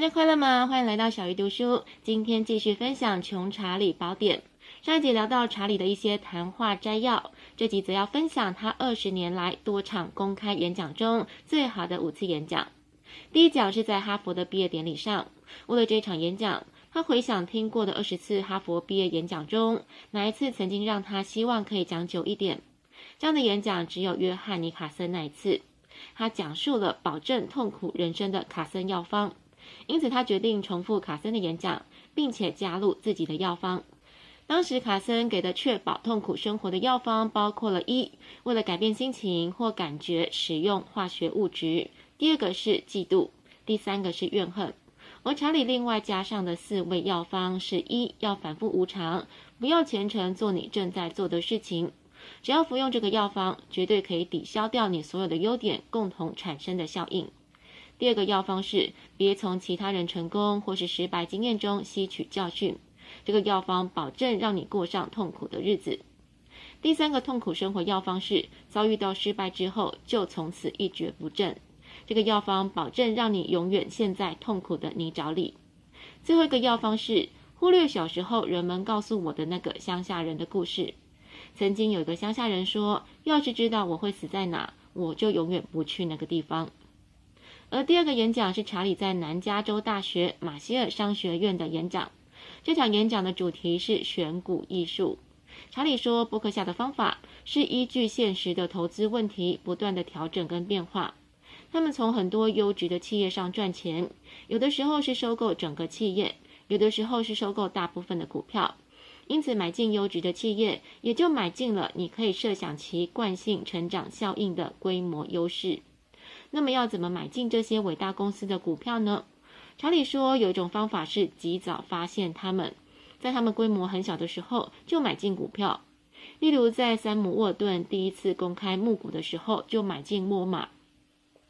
大家快樂嗎？歡迎來到小魚讀書。今天繼續分享《窮查理寶典》。上一集聊到查理的一些談話摘要，這集則要分享他二十年來多場公開演講中，最好的五次演講。第一講是在哈佛的畢業典禮上。為了這場演講，他回想聽過的二十次哈佛畢業演講中，哪一次曾經讓他希望可以講久一點？這樣的演講只有約翰尼卡森那一次。他講述了保證痛苦人生的卡森藥方。因此，他決定重複卡森的演講，並且加入自己的藥方。當時，卡森給的確保痛苦生活的藥方包括了一，為了改變心情或感覺，使用化學物質；第二個是嫉妒；第三個是怨恨。而查理另外加上的四味藥方，是一要反覆無常，不要虔誠做你正在做的事情。只要服用這個藥方，絕對可以抵消掉你所有的優點共同產生的效應。第二個藥方是別從其他人成功或是失敗經驗中吸取教訓，這個藥方保證讓你過上痛苦的日子。第三個痛苦生活藥方是遭遇到失敗之後就從此一蹶不振，這個藥方保證讓你永遠陷在痛苦的泥沼裡。最後一個藥方是忽略小時候人們告訴我的那個鄉下人的故事。曾經有一個鄉下人說：“要是知道我會死在哪，我就永遠不去那個地方。”而第二個演講是查理在南加州大學馬歇爾商學院的演講。這場演講的主題是選股藝術。查理說，伯克夏的方法是依據現實的投資問題不斷的調整跟變化。他們從很多優質的企業上賺錢，有的時候是收購整個企業，有的時候是收購大部分的股票。因此，買進優質的企業，也就買進了你可以設想其慣性成長效應的規模優勢。那麼要怎麼買進這些偉大公司的股票呢？查理說，有一種方法是及早發現他們，在他們規模很小的時候就買進股票。例如，在山姆·沃頓第一次公開募股的時候就買進沃爾瑪。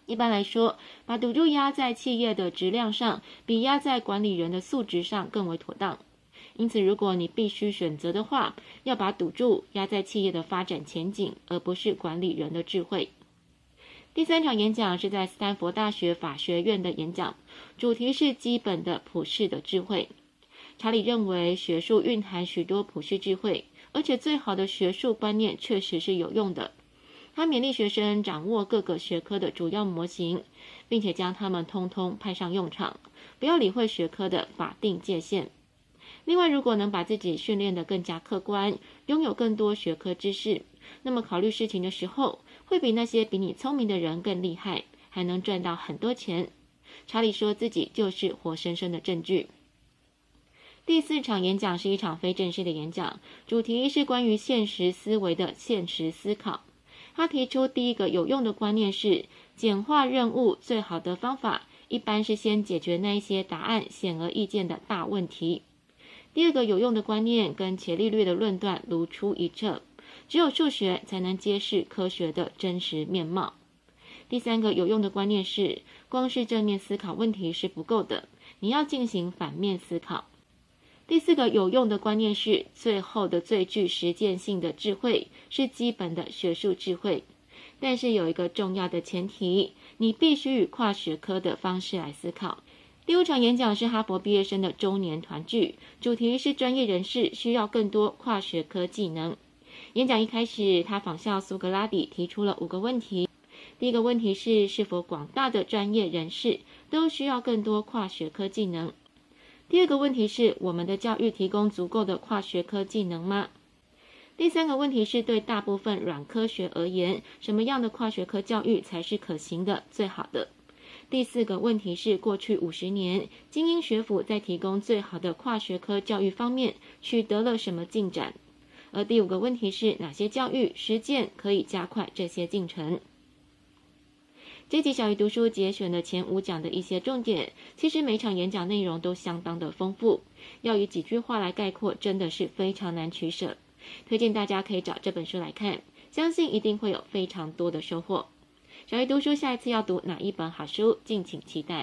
一般來說，把賭注壓在企業的質量上，比壓在管理人的素質上更為妥當。因此，如果你必須選擇的話，要把賭注壓在企業的發展前景，而不是管理人的智慧。第三場演講是在斯坦福大學法學院的演講，主題是基本的普世的智慧。查理認為，學術蘊含許多普世智慧，而且最好的學術觀念確實是有用的。他勉勵學生掌握各個學科的主要模型，並且將它們通通派上用場，不要理會學科的法定界限。另外，如果能把自己訓練得更加客觀，擁有更多學科知識，那麼考慮事情的時候，會比那些比你聰明的人更厲害，還能賺到很多錢。查理說自己就是活生生的證據。第四場演講是一場非正式的演講，主題是關於現實思維的現實思考。他提出第一個有用的觀念是簡化任務最好的方法，一般是先解決那一些答案顯而易見的大問題。第二個有用的觀念跟伽利略的論斷如出一轍。只有數學才能揭示科學的真實面貌。第三個有用的觀念是，光是正面思考問題是不夠的，你要進行反面思考。第四個有用的觀念是，最後的最具實踐性的智慧是基本的學術智慧，但是有一個重要的前提，你必須以跨學科的方式來思考。第五場演講是哈佛畢業生的週年團聚，主題是專業人士需要更多跨學科技能。演講一開始，他仿效蘇格拉底提出了五個問題。第一個問題是：是否廣大的專業人士都需要更多跨學科技能？第二個問題是：我們的教育提供足夠的跨學科技能嗎？第三個問題是對大部分軟科學而言，什麼樣的跨學科教育才是可行的、最好的？第四個問題是：過去五十年，精英學府在提供最好的跨學科教育方面取得了什麼進展？而第五個問題是，哪些教育實踐可以加快這些進程？這集小魚讀書節選了前五講的一些重點，其實每場演講內容都相當的豐富，要以幾句話來概括，真的是非常難取捨。推薦大家可以找這本書來看，相信一定會有非常多的收穫。小魚讀書下一次要讀哪一本好書，敬請期待。